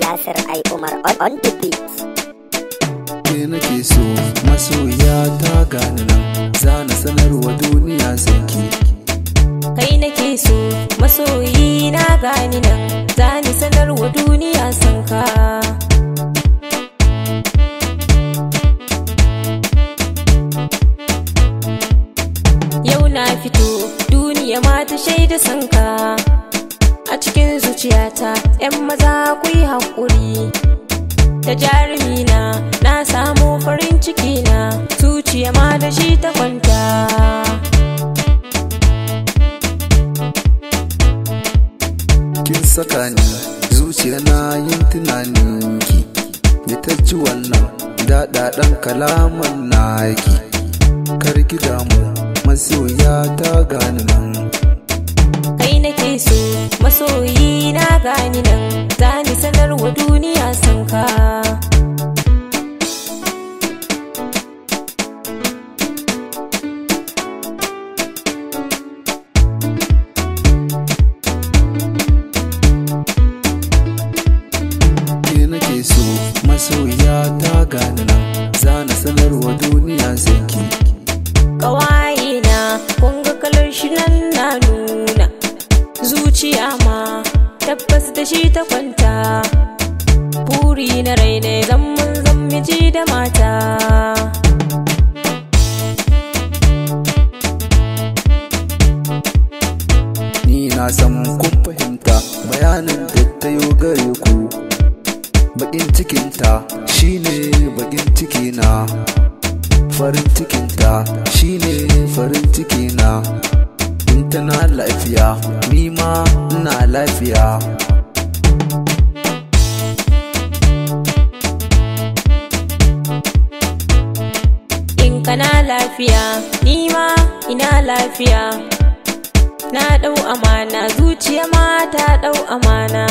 Yasir I Umar on, the beat. Ke nake so masoya ta gani nan zana sanarwa duniya sanki. Kai nake so masoyi na gani nan zani sanarwa duniya sanka. Yau na fito duniya ma ta shaida sanka. a cikin zuciyata 'yan maza ku yi haƙuri da jarumina na samu farin ciki na zuciya ma da shi ta kwanta kin saka ni zuciya na yin tunaninki, ki ta ji wannan daɗaɗen kalaman naki karki damu masoya ta gani nan kai nake so gani nan gani sanarwa duniya sanka so kawai na kunga kalar shi nan na nuna zuciya ma tabbas da shi ta kwanta buri na rai ne zan mun da mata ni na san kun fahimta bayanin da ta yi gare ku bakin cikinta shine bakin cikina farin cikinta shine farin cikina intana lafiya ni ma ina lafiya kana lafiya ni ma ina lafiya na ɗau amana zuciya ma ta ɗau amana